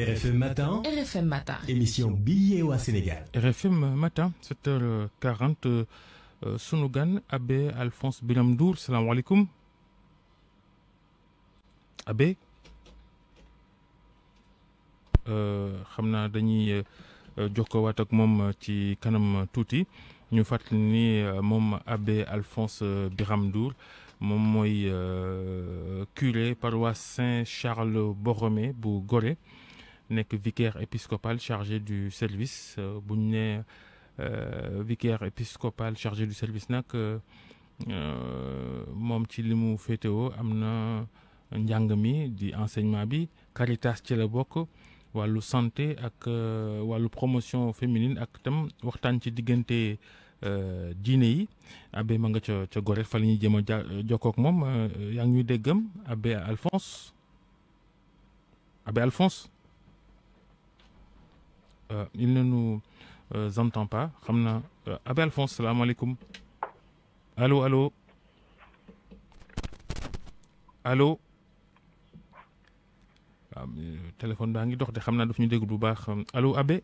RFM Matin. RFM Matin. Émission Billet au Sénégal. RFM Matin, 7 h 40 euh, Sunugan, Abbé Alphonse Bilamdour. Salam alaikum. Abbé. Euh, xam naa dañuy euh, jox ko ak mom ci kanam touti ñu euh, abbé Alphonse Biramdour mom moy curé paroisse Saint Charles Borromée bu Gorée Nek vicaire épiscopal chargé du service euh, buñ né euh, vicaire épiscopal chargé du service euh, euh mom ci l'imou mu féetewoo am mi di enseignement bi Caritas ci la bokk walu santé ak euh, Walu promotion féminine ak tam waxtan ci euh diine yi abé ma nga ca ca fa la ñuy jëm ak mom déggam Alphonse abé Alphonse euh, il ne nous euh, entend pas. Ramna. Euh, Abel Alphonse, salam alaikum. Allô, allô. Allô. Ah, euh, téléphone baa Donc, de Ramna naa daf ñu dégg euh, allo Abbé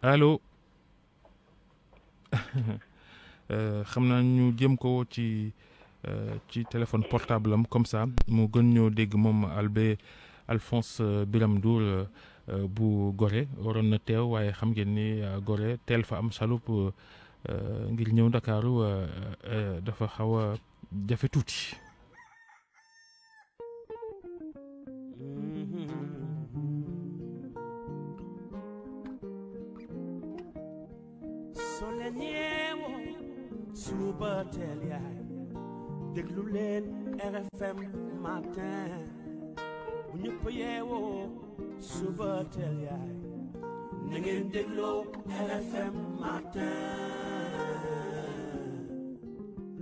allo Ramna naa ñu jëm ko ci téléphone portable comme ça nous gën ñoo dégg Albé Alphonse Biram Euh, bu gore waroon na teew waaye xam ngeen ni euh, Gorée teel fa am salup euh, ngir ñëw ndakaaru dafa xaw jafe tuuti. suba teel yaay na ngeen dégloo RFM matin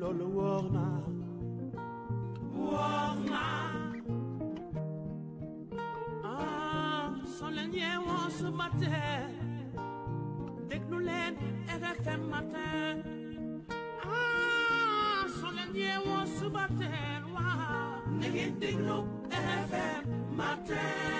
lolou wóor na ah soo leen yeewoo suba teel déglu RFM matin ah soo leen yeewoo suba teel waaw na RFM matin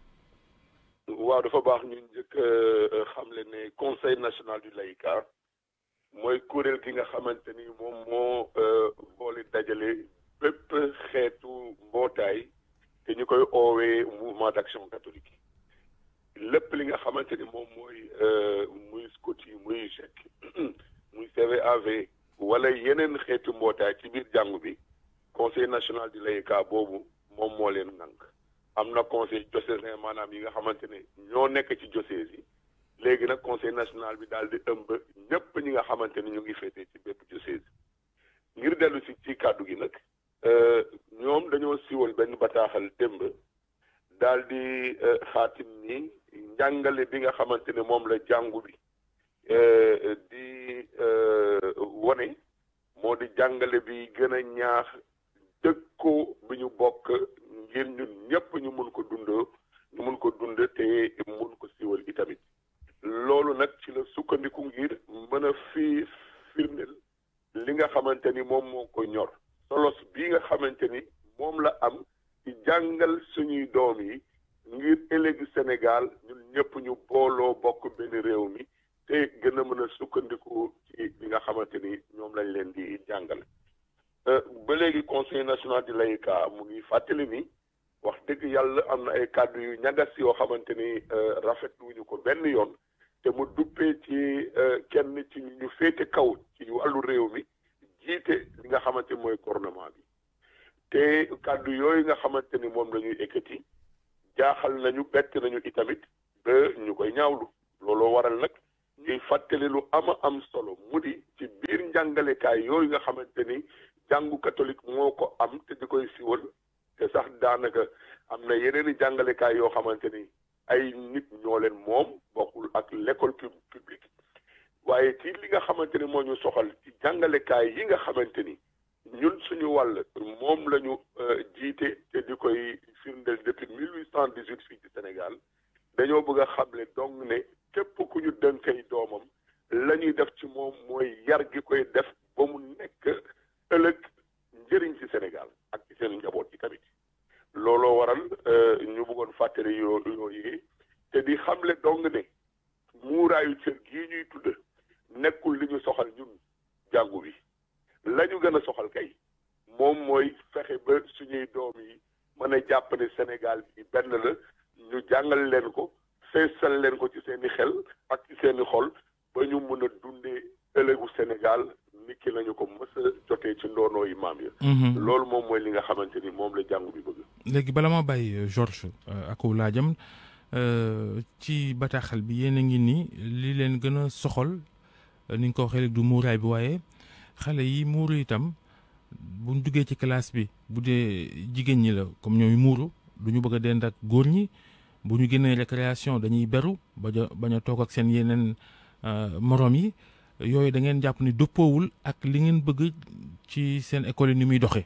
waaw dafa baax ñu njëkk euh, xamle ne conseil national du laïka ah, mooy kuréel gi nga xamante ni moom moo euh, boole dajale bépp xeetu mbootaay te ñu koy oowee mouvement d'action catholique lépp li nga xamante ni moom mooy euh, muy SCOTI muy GIEC muy CVAV wala yeneen xeetu mbootaay ci biir jàngu bi conseil national du laïka boobu moom moo leen ŋànk am na conseil diocésain maanaam yi nga xamante ne ñoo nekk ci diocèse yi léegi nag conseil national bi daal di ëmb ñëpp ñi nga xamante ne ñu ngi fété ci bépp diocèse ngir dellu si ci kàddu gi nag ñoom dañoo siwal benn bataaxal démb daal di xaatim ni njàngale bi nga xamante ne moom la jàngu bi di wone moo di jàngale bi gën a ñaax tek ko buñu bokk ngir ñun ñëpp ñu mën ko dund ñu mën ko dund te mën ko siiwal i tamit loolu nag ci la sukkandiku ngir mën a fii firndel li nga xamante ni moom moo ko ñor solos bii nga xamante ni mu ngi fàttali ni wax dëgg yàlla am na ay kàddu yu ñagas yoo xamante ni euh, rafetluñu ko benn yoon te mu duppee ci euh, kenn ci ñu féete kaw ci wàllu réew mi jiite li nga xamante mooy gouvernement bi te kàddu yooyu nga xamante ni moom la ñuy ekkati jaaxal nañu bett nañu itamit ba ñu koy ñaawlu looloo waral nag ñuy fàttali lu ama am solo mu di ci biir njàngalekaay yooyu nga xamante jàngu catholique moo ko am te di koy siwal te sax daanaka am na yeneen i jàngalekaay yoo xamante ni ay nit ñoo leen moom bokkul ak l'école publique waaye ci li nga xamante ni moo ñu soxal ci jàngalekaay yi nga xamante ni ñun suñu wàll moom lañu ñu euh, jiite te di koy de depuis mille huit cent dix-huit fii ci Sénégal dañoo bëgg a xamle ne képp ku ñu dënk loolu moom mooy li nga xamante ni moom la jàngu bi bëgg. léegi bala ma bàyyi euh, Georges euh, ak laajam euh, ci bataaxal bi yéen a ngi nii li leen gën a soxal ni nga ko waxee léegi du muuraay bi waaye xale yi muuru itam buñ duggee ci classe bi bu dee jigéen ñi la comme ñooyu muuru du ñu bëgg a dend ak góor ñi bu ñu génnee récréation dañuy beru bañ a bañ a toog ak seen yeneen morom yi yooyu dangeen jàpp ni dëppoowul ak li ngeen bëgg ci seen école yi ni muy doxee.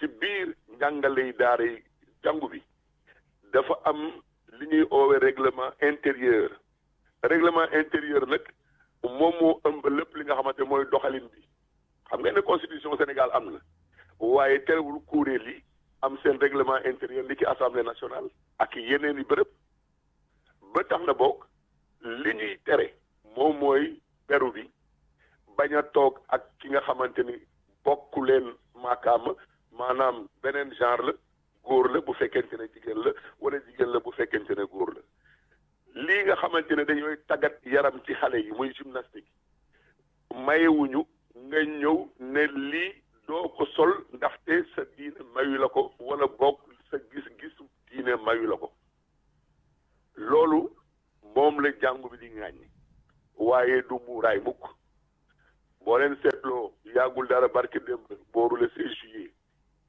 ci biir njàngale daara yi jàngu bi dafa am li ñuy oowee règlement intérieur règlement intérieur nag moom moo ëmb lépp li nga xamante mooy doxalin bi xam nga ne constitution Sénégal am na waaye terewul kuréel yi am seen réglement intérieur li ci assemblée nationale ak yeneen yi bërëb ba tax na bokk li ñuy tere moom mooy beru bi bañ a toog ak ki nga xamante ni bokk leen maakaama maanaam beneen genre la góor la bu fekkente ne jigéen la wala jigéen la bu fekkente ne góor la lii nga xamante ne dañooy tàggat yaram ci xale yi muy gymnastique mayewuñu nga ñëw ne lii doo ko sol ndaxte sa diine mayu la ko wala bokk sa gis gisu diine mayu la ko loolu moom la jàngu bi di ŋàññi waaye du muuraay mukk boo leen seetloo yàggul dara barke démb booru la 16 juillet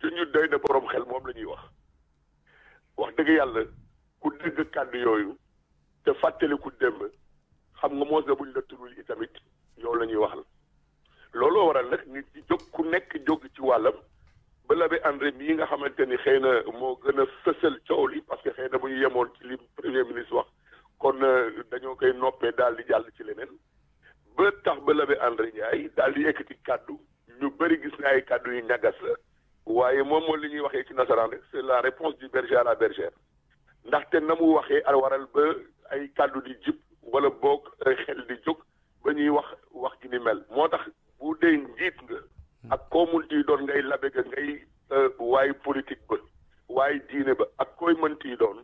te ñun doy na borom xel moom la ñuy wax wax dëgg yàlla ku dëgg kàddu yooyu te fàttaliku démb xam nga moo na buñ la turul itamit yow la ñuy waxal looloo waral nag nit ñi jóg ku nekk jóg ci wàllam ba l'abbé André mii nga xamante ni xëy na moo gën a fësal coow li parce que xëy na bu ñu yemoon ci li premier ministre wax kon euh, dañoo koy noppee daal di jàll ci leneen ba tax ba l'abbé André dal daal di yëkkati kàddu ñu bëri gis na ay kàddu yu ñagas la mooy li ñuy waxee ci nasaraan rek c'est la réponse du berger à la bergère ndaxte na mu waxee al waral ba ay kàddu di jib wala boog xel di jóg ba ñuy wax wax gi ni mel moo tax bu dee njiit nga ak koomul munti doon ngay labe ga ngay euh, waay politique ba waaye diine ba ak koy mënti doon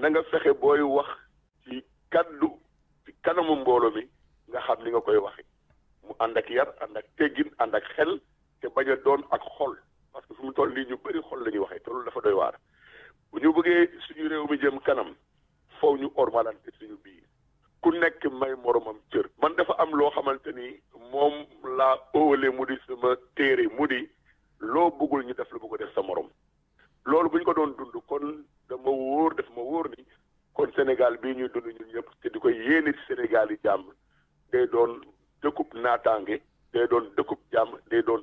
na nga fexe booy wax ci kàddu ci kanamu mboolo mi nga xam li nga koy waxe mu ànd ak yar ànd ak teggin ànd ak xel te bañ a doon ak xol lii ñu bari xol la ñuy waxee te dafa doy waar bu ñu buggee suñu réew mi jëm kanam faw ñu ormalante suñu biir ku nekk may moromam cër man dafa am loo xamante ni moom laa óole mu di sama téere mu di loo bëggul ñu def la bu ko def sa morom loolu bu ñu ko doon dund kon dama wóor def ma wóor ni kon Sénégal bii ñuy dund ñun ñëpp te di ko yéene ci Sénégal yi jàmm day doon dëkkub naataange day doon dëkkub jàmm day doon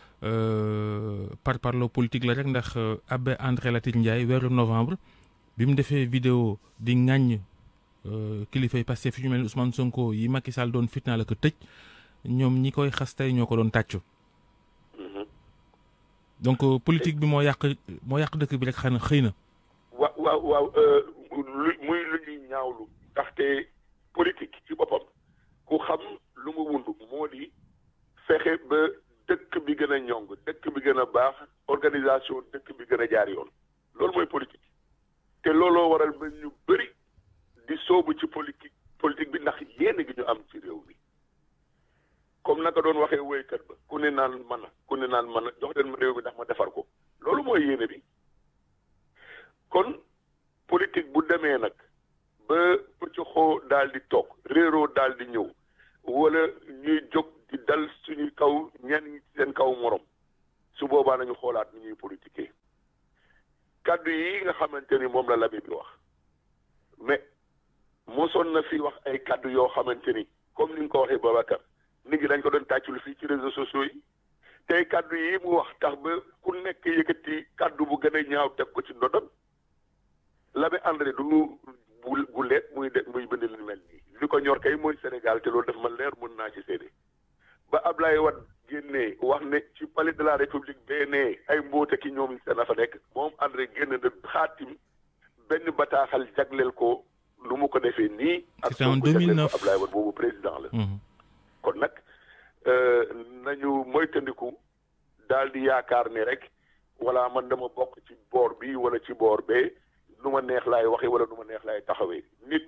Euh, par parlo politique la rek ndax euh, Abbé André Latyr Ndiaye wéru novembre bi défé vidéo di euh kilifa yi Pastef yu mel Ousmane Sonko yi Macky Sall doon fitna la ko tejj ñom ñi koy xas ñoko ñoo ko doon tàccu. Mhm. donc euh, politique bi mo yàq mo yàq dëkk bi rek xana xeyna wa wa wa euh muy lu ñi ñaawlu ndaxte politique ci boppam ku xam lu mu wund modi fexé ba. dëkk bi gën a ñong dëkk bi gën a baax organisation dëkk bi gën a jaar yoon loolu mooy politique te looloo waral ba ñu bëri di soobu ci politique politique bi ndax yéen gi ñu am ci réew mi comme naka doon waxee woykat ba ku ne naan man ku ne naan man jox leen ma réew mi ndax ma defar ko loolu mooy yéene bi kon politique bu demee nag ba pëcc xoo daal di toog réeroo daal di ñëw wala ñuy jóg dal suñu kaw ñenn ñi seen kaw moroom su boobaa nañu xoolaat ni ñuy politiquer kàddu yi nga xamante ni moom la labe bi wax mais mosoon na fi wax ay kàddu yoo xamante ni comme ni nga ko waxee Babacar nit ñi dañ ko doon tàccul fii ci réseaux sociaux yi tey kàddu yi mu wax tax ba ku nekk yëkkati kàddu bu gën a ñaaw teg ko ci ndodam labe André du nu bu bu leet muy de muy bind lu mel nii ni ko ñor kay mooy Sénégal te loolu daf ma leer mën naa ci seede ba Ablaye wat génnee wax ne ci palais de la république benee ay mbóote ki ñoom dana fa nekk moom André génn na xaatim benn bataaxal jagleel ko lu mu ko defee nii. ak en 2009, Ablaye wat boobu président la. Mhm. kon nag euh, nañu moytandiku daal di yaakaar ne rek wala man dama bokk ci boor bi wala ci boor bee nu ma neex laay waxee wala nu ma neex laay taxawee nit.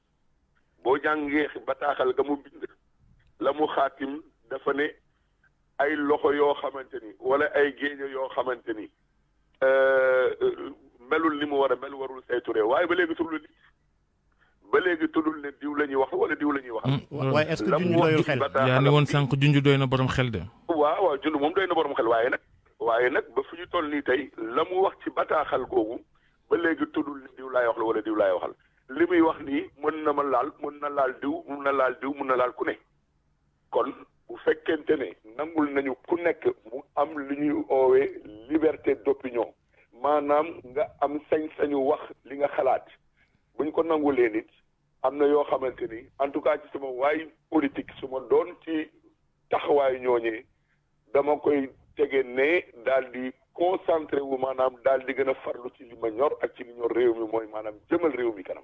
boo jàngee bataaxal ga mu bind la mu xaatim dafa ne ay loxo yoo xamante ni wala ay géejo yoo xamante ni euh, euh, melul ni mu war a mel warul say turé waaye ba léegi tuddul ba léegi tuddul ne diw la ñuy wax wala diw la ñuy wax. Hmm. waaye est-ce que junj doyul xel yaa ne woon sànq junj doy na borom xel de. waaw waaw junj moom doy na borom xel waaye nag. waaye nag ba fu ñu toll nii tey la mu wax ci bataaxal googu ba léegi tuddul ne diw laay wax la wala diw laay waxal. li muy wax nii mën na ma laal mën na laal diw mën na laal diw mën na laal ku ne kon bu fekkente ne nangul nañu ku nekk mu am li ñuy oowee liberté d'opinion maanaam nga am sañ-sañu wax li nga xalaat buñ ko nangulee nit am na yoo xamante ni en tout cas ci sama waaye politique su ma doon ci taxawaayu ñooñee dama koy tege ne daal di concentré wu maanaam daal di gën a farlu ci li ma ñor ak ci li ñor réew mi mooy maanaam jëmal réew mi kanam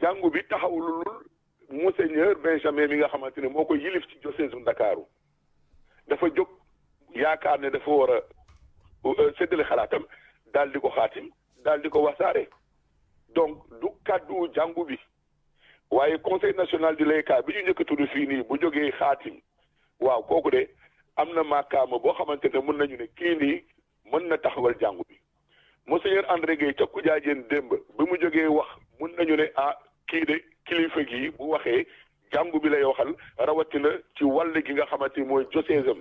jàngu bi taxawulul monseigneur Benjamin bi nga xamante ne moo ko yilif ci diocèse Ndakaaru dafa jóg yaakaar ne dafa war a euh, séddale xalaatam daal di ko xaatim daal di ko wasaare donc du kàddu jàngu bi waaye conseil national du layka bi ñu njëkk tudd fii nii bu jógee xaatim waaw kooku de am na màkkaama boo xamante ne mën nañu ne kii nii mën na taxawal jàngu bi monseigneur André Guèye ca Koudiadiène démb bi mu jógee wax mun nañu ne ah kii de kilifa gi bu waxee jàngu bi lay waxal rawatina ci wàll gi nga xamante ni mooy joseesam.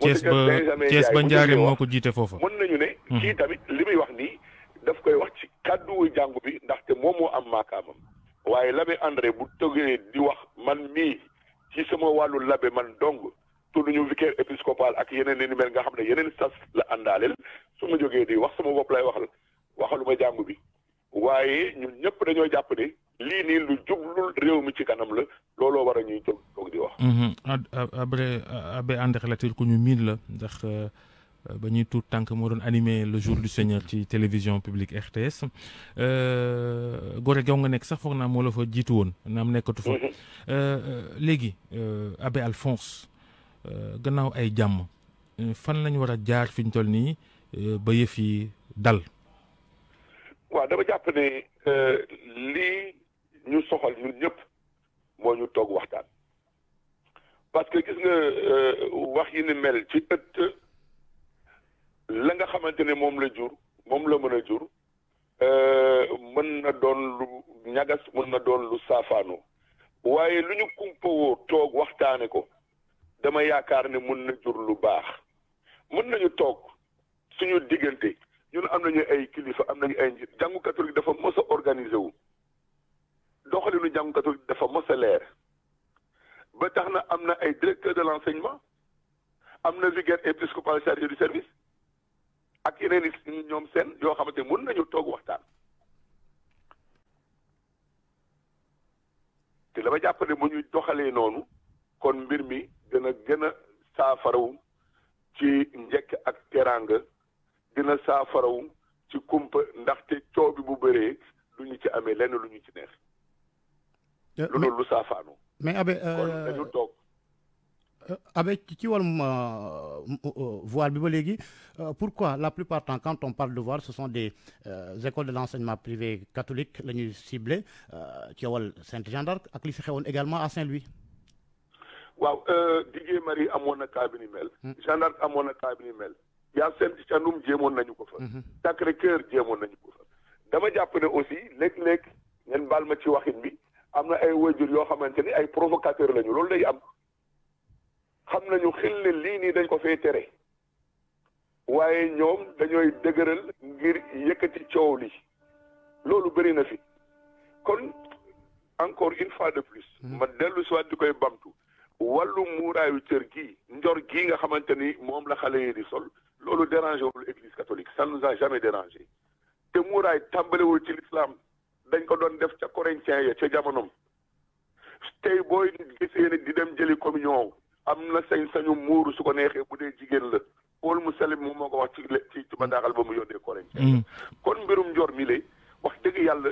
Cees mhm. ba Cees ba Ndiarème moo ko jiite foofa. mën nañu ne. Mhm. kii tamit li muy wax nii daf koy wax ci kàddu jàngu bi ndaxte moom moo am maakaamam. waaye labe André bu tëggee di wax man mii ci sama wàllu l'abbé man dong tudd ñu vicaire épiscopal ak yeneen ni mel nga xam ne yeneen sas la àndaaleel su ma jógee di wax sama bopp lay waxal waxaluma jàn bi. waaye ñun ñëpp dañoo jàpp ne lii nii lu jublul réew mi ci kanam la looloo war a ñuy jóg toog di wax. Mhm. ku ñu miin la ndax euh, ba ñuy tuut tànk moo doon animé le jour du Seigneur ci télévision publique RTS euh, gore gaw nga nekk sax foog naa moo la fa jiitu woon naam nekkatu fa. Mhm. Euh, léegi abbé Alphonse gannaaw ay jàmm fan lañ war a jaar fiñ toll nii ba yëf yi dal. waa dama jàpp ne euh, lii ñu soxal ñun ñëpp moo ñu toog waxtaan parce que gis nga euh, wax yi ni mel ci ëtt la nga xamante ne moom la jur moom la mën a jur euh, mën na doon lu ñagas mën na doon lu saafaanoo waaye lu ñu kumpawoo toog waxtaane ko dama yaakaar ne mën na jur lu baax mën nañu toog suñu diggante ñu ne am nañu ay kilifa am nañu ay njiit jàngu catholique dafa mos a organisé wu doxalinu jàngu catholique dafa mos leer ba tax na am na ay directeur de l' enseignement am na vicaire épiscopal chargé du service ak yeneen i ñoom seen yoo xamante ne mun nañu toog waxtaan. te dama jàpp ne bu ñu doxalee noonu kon mbir mi dana gën a saafarawu ci njëkk ak teraanga. dina saafarawu ci kumpa ndaxte coow bi bu bëree lu ñu ci amee lenn lu ñu ci neex. Euh, lu lu saafaanu. mais abe euh, dañu toog. Euh, abe ci wàllum voile bi ba léegi pourquoi la plupart temps quand on parle de voir ce sont des écoles de l'enseignement privé catholique la ñuy ciblé ci wàll Sainte-Jeanne d'Arc ak li fi xewoon également à Saint-Louis. waaw Digué Marie amoon na cas bi ni mel. Hmm. Jeanne d'Arc amoon na bi ni mel. yaa seen ci canum jéemoon nañu ko fa. Mhm. Sacré Cœur jéemoon nañu ko fa. dama jàpp ne aussi léeg-léeg ngeen baal ma ci waxin bi am na ay wajur yoo xamante ni ay provocateur lañu loolu day am xam nañu xil ne lii nii dañ ko fay tere waaye ñoom dañooy dëgëral ngir yëkkati coow li loolu bëri na fi kon encore une fois de plus. Mhm. ma dellu si waat di koy bamtu. wàllu muuraayu cër gii njor gi nga xamante ni moom la xale yi di sol loolu dérangé wul église catholique ça nous a jamais dérangé te muuraay wul ci l'islam dañ ko doon def ca corinthien ya ca jamonom tey boy gisee ne di dem jëli communion amna na sañ-sañu mouru su ko nexé budé dee la Paul Musalim moom moo wax ci ci ci ba mu corinthien mm. kon mbirum njor mi lay wax dëgg yalla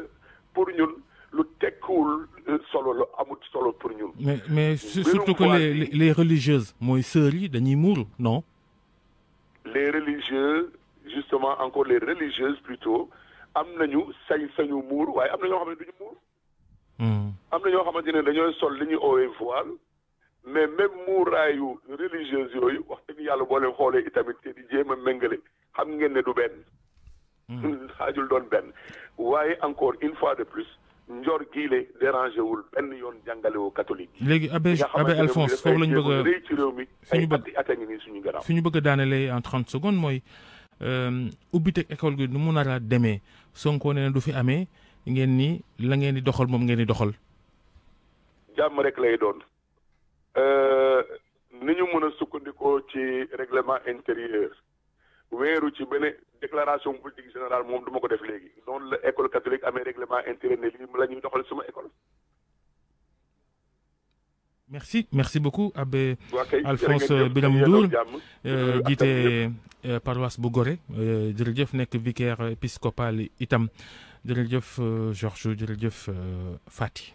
pour ñun lu tekkiwul euh, solo la amut solo pour ñun mais mais surtout que les les religieuses moy sœurs yi dañuy mouru non les religieux justement encore les religieuses plutôt amnañu sañ-sañu ñoo duñu hmm. voile mais même muuraayu religieuse yooyu wax di xam ngeen du hmm doon encore une fois de plus njorgi le dérangé wul benn yoon jàngale woo catholique. léegi abbé abbé Alphonse foofu lañ bëgg a ci réew mi ay at suñu bëgg a daanelee en 30 secondes mooy euh, ubbiteg école gi nu mu nar démé demee Sonko né du fi amé ngeen ni la ngeen di doxal mom ngeen di doxal. jàmm rek lay doon euh niñu mëna sukkandiko ci règlement intérieur weeru ci benn déclaration politique générale moom du ma ko def léegi noonu la école catholique amee règlement intérieur ne lii la ñuy doxal suma école. merci merci beaucoup abbé Alphonse Birame Ndour euh, jiite euh, paroisse bu Gorée euh, jërëjëf nekk vicaire épiscopal itam jërëjëf Georges jërëjëf Fati